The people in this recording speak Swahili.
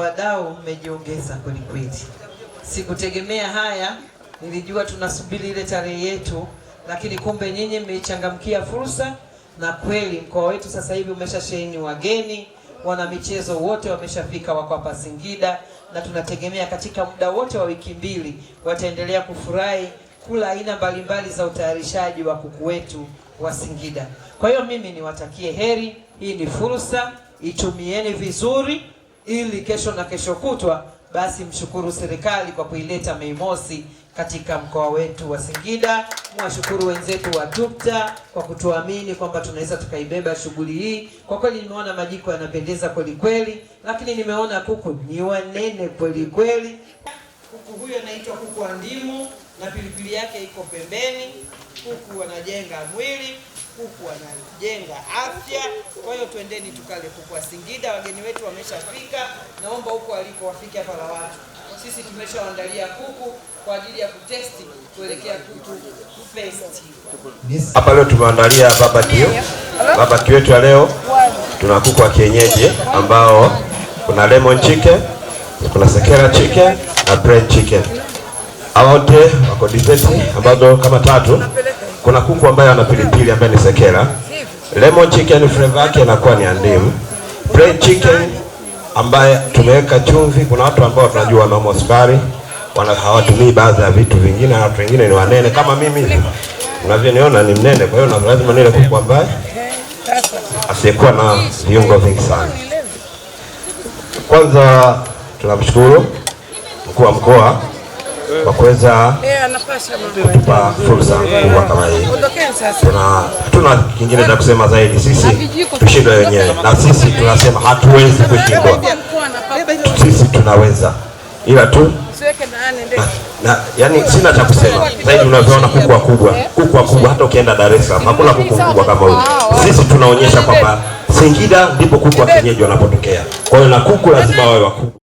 Wadau mmejiongeza kweli kweli, sikutegemea haya. Nilijua tunasubiri ile tarehe yetu, lakini kumbe nyinyi mmeichangamkia fursa, na kweli mkoa wetu sasa hivi umeshasheheni wageni, wana michezo wote wameshafika, wako hapa Singida, na tunategemea katika muda wote wa wiki mbili wataendelea kufurahi kula aina mbalimbali za utayarishaji wa kuku wetu wa Singida. Kwa hiyo mimi niwatakie heri, hii ni fursa, itumieni vizuri ili kesho na kesho kutwa basi mshukuru serikali kwa kuileta Mei Mosi katika mkoa wetu wa Singida. Mwashukuru wenzetu wa dukta kwa kutuamini kwamba tunaweza tukaibeba shughuli hii. Kwa kweli nimeona majiko yanapendeza kweli kweli, lakini nimeona kuku ni wanene kweli kweli. Kuku huyo anaitwa kuku wa ndimu na pilipili yake iko pembeni. Kuku wanajenga mwili kuku wanajenga afya. Kwa hiyo twendeni tukale kuku wa Singida. Wageni wetu wameshafika, naomba huko waliko wafike hapa la watu. Sisi tumeshaandalia kuku kwa ajili ya kutesti kuelekea kuku hapa. Leo tumeandalia barbecue, barbecue yetu ya leo tuna kuku wa kienyeji ambao kuna lemon chicken, kuna sekera chicken na bread chicken. Hawa wote wako dizeti ambazo kama tatu kuna kuku ambaye ana pilipili ambaye ni sekera, Lemon chicken flavor yake inakuwa ni ndimu. Plain chicken ambaye tumeweka chumvi. Kuna watu ambao tunajua wanaumwa sukari, wana hawatumii baadhi ya vitu vingine, na watu wengine ni wanene kama mimi. Unavyoniona ni mnene, kwa hiyo lazima nile kuku ambaye asiyekuwa na viungo vingi sana. Kwanza tunamshukuru mkuu wa mkoa kwa kuweza eh, kutupa fursa kubwa kama hii. Tuna hatuna kingine cha kusema zaidi, sisi tushindwe wenyewe, na sisi tunasema hatuwezi kushindwa, sisi tunaweza, ila tu na, yani sina cha kusema zaidi. Unavyoona kuku wakubwa, kuku wakubwa, hata ukienda Dar es Salaam hakuna kuku mkubwa kama huyu. Sisi tunaonyesha kwamba Singida ndipo kuku wa kienyeji wanapotokea. Kwa hiyo na kuku lazima wawe wakubwa.